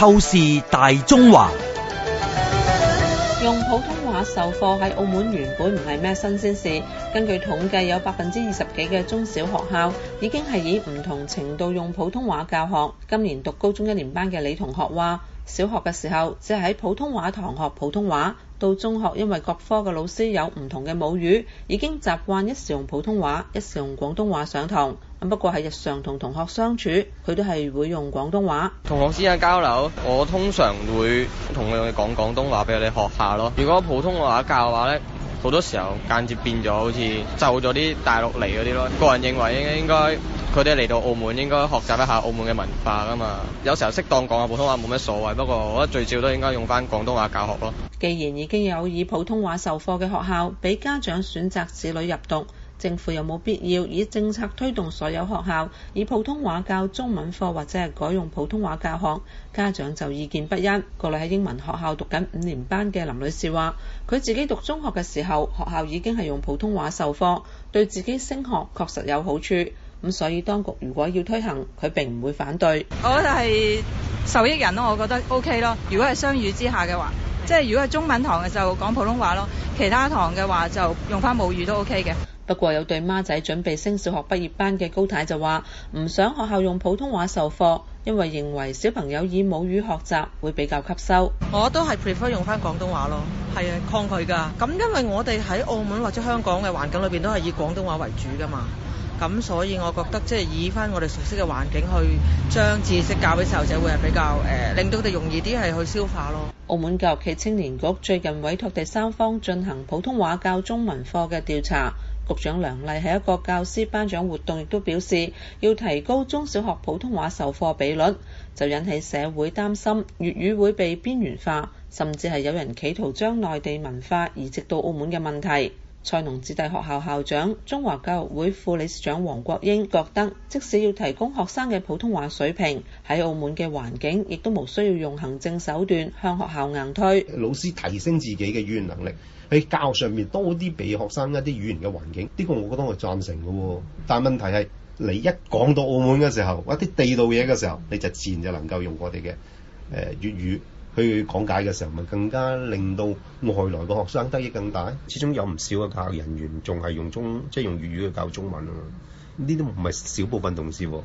透視大中華，用普通話授課喺澳門原本唔係咩新鮮事。根據統計，有百分之二十幾嘅中小學校已經係以唔同程度用普通話教學。今年讀高中一年班嘅李同學話，小學嘅時候淨係喺普通話堂學普通話。到中學，因為各科嘅老師有唔同嘅母語，已經習慣一時用普通話，一時用廣東話上堂。咁不過喺日常同同學相處，佢都係會用廣東話。同學之間交流，我通常會同佢哋講廣東話俾佢哋學下咯。如果普通話教嘅話呢，好多時候間接變咗，好似就咗啲大陸嚟嗰啲咯。個人認為應應該。佢哋嚟到澳門應該學習一下澳門嘅文化啊嘛。有時候適當講下普通話冇乜所謂，不過我覺得最少都應該用返廣東話教學咯。既然已經有以普通話授課嘅學校俾家長選擇子女入讀，政府有冇必要以政策推動所有學校以普通話教中文課或者係改用普通話教學？家長就意見不一。個嚟喺英文學校讀緊五年班嘅林女士話，佢自己讀中學嘅時候，學校已經係用普通話授課，對自己升學確實有好處。咁所以當局如果要推行，佢並唔會反對。我覺得係受益人咯，我覺得 OK 咯。如果係雙語之下嘅話，即係如果係中文堂嘅就講普通話咯，其他堂嘅話就用返母語都 OK 嘅。不過有對孖仔準備升小學畢業班嘅高太就話，唔想學校用普通話授課，因為認為小朋友以母語學習會比較吸收。我都係 prefer 用返廣東話咯，係啊，抗拒㗎。咁因為我哋喺澳門或者香港嘅環境裏邊都係以廣東話為主㗎嘛。咁所以我覺得即係以返我哋熟悉嘅環境去將知識教俾受者，會係比較誒令到佢哋容易啲係去消化咯。澳門教育暨青年局最近委託第三方進行普通話教中文課嘅調查，局長梁麗喺一個教師頒獎活動亦都表示，要提高中小學普通話授課比率，就引起社會擔心粵語會被邊緣化，甚至係有人企圖將內地文化移植到澳門嘅問題。菜農子弟學校校長、中華教育會副理事長黃國英覺得，即使要提供學生嘅普通話水平，喺澳門嘅環境，亦都無需要用行政手段向學校硬推。老師提升自己嘅語言能力，喺教上面多啲俾學生一啲語言嘅環境，呢個我覺得我贊成嘅。但係問題係，你一講到澳門嘅時候，一啲地道嘢嘅時候，你就自然就能夠用我哋嘅誒粵語。去講解嘅時候，咪更加令到外來嘅學生得益更大。始終有唔少嘅教學人員，仲係用中，即係用粵語去教中文啊！呢啲唔係少部分同事喎，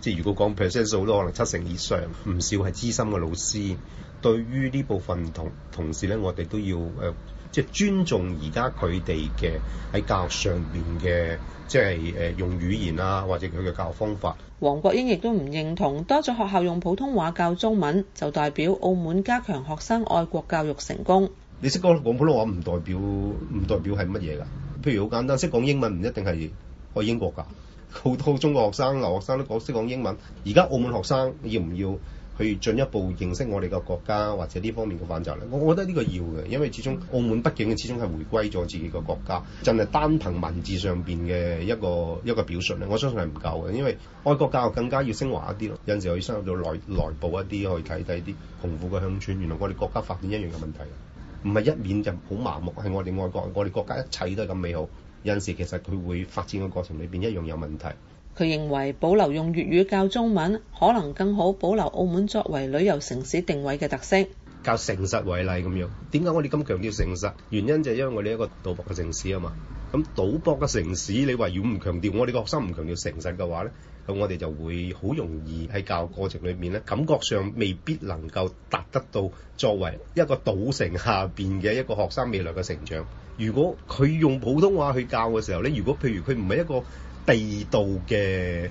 即係如果講 percent 數都可能七成以上，唔少係資深嘅老師。對於呢部分同同事咧，我哋都要誒、呃，即係尊重而家佢哋嘅喺教學上邊嘅，即係誒用語言啊，或者佢嘅教學方法。黃國英亦都唔認同，多咗學校用普通話教中文，就代表澳門加強學生愛國教育成功。你識講廣普通話唔代表唔代表係乜嘢㗎？譬如好簡單，識講英文唔一定係愛英國㗎，好多中國學生、留學生都講識講英文。而家澳門學生要唔要？去進一步認識我哋個國家或者呢方面嘅反殖咧，我覺得呢個要嘅，因為始終澳門畢竟始終係回歸咗自己個國家，淨係單憑文字上邊嘅一個一個表述咧，我相信係唔夠嘅，因為愛國教育更加要升華一啲咯，有陣時可以深入到內內部一啲，去睇睇啲窮苦嘅鄉村，原來我哋國家發展一樣嘅問題，唔係一面就好麻木，係我哋愛國，我哋國家一切都係咁美好。有陣時，其實佢會發展嘅過程裏邊一樣有問題。佢認為保留用粵語教中文，可能更好保留澳門作為旅遊城市定位嘅特色。教誠實為例咁樣，點解我哋咁強調誠實？原因就係因為我哋一個賭博嘅城市啊嘛。咁賭博嘅城市，你話如果唔強調，我哋個學生唔強調誠實嘅話呢，咁我哋就會好容易喺教過程裏面呢，感覺上未必能夠達得到作為一個賭城下邊嘅一個學生未來嘅成長。如果佢用普通話去教嘅時候呢，如果譬如佢唔係一個地道嘅誒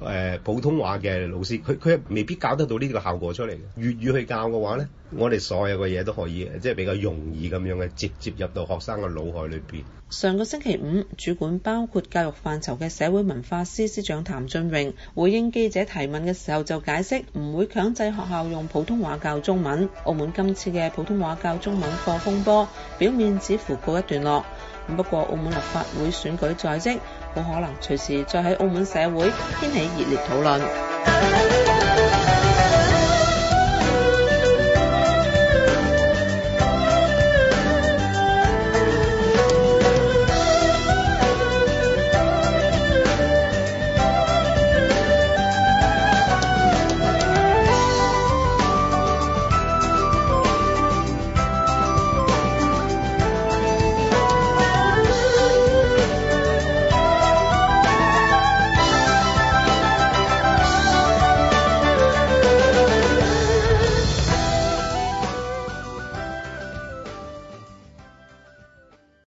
誒普通話嘅老師，佢佢未必搞得到呢個效果出嚟嘅。粵語去教嘅話呢，我哋所有嘅嘢都可以，即係比較容易咁樣嘅，直接，接入到學生嘅腦海裏邊。上個星期五，主管包括教育範疇嘅社會文化司司長譚俊榮回應記者提問嘅時候就解釋，唔會強制學校用普通話教中文。澳門今次嘅普通話教中文課風波，表面只似乎告一段落。不過，澳門立法會選舉在即，好可能隨時再喺澳門社會掀起熱烈討論。